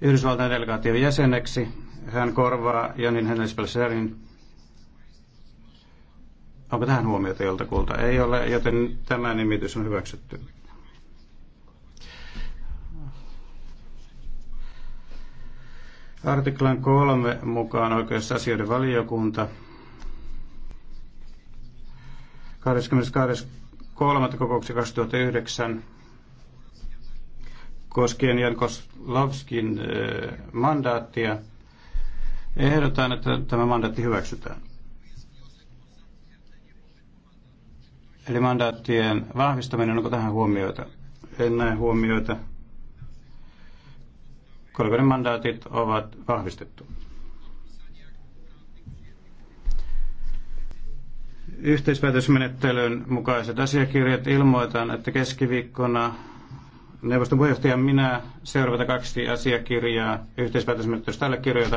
Yhdysvaltain delegaation jäseneksi. Hän korvaa Janin Hennes Onko tähän huomiota joltakulta? Ei ole, joten tämä nimitys on hyväksytty. Artiklan kolme mukaan oikeusasioiden valiokunta 22.3. kokouksessa 2009 koskien Jankoslavskin eh, mandaattia. Ehdotan, että tämä mandaatti hyväksytään. Eli mandaattien vahvistaminen, onko tähän huomioita? En näe huomioita. Kollegoiden mandaatit ovat vahvistettu. Yhteispäätösmenettelyn mukaiset asiakirjat ilmoitan, että keskiviikkona Neuvoston puheenjohtaja, minä seuraavata kaksi asiakirjaa yhteispäätösmenettelystä kirjoita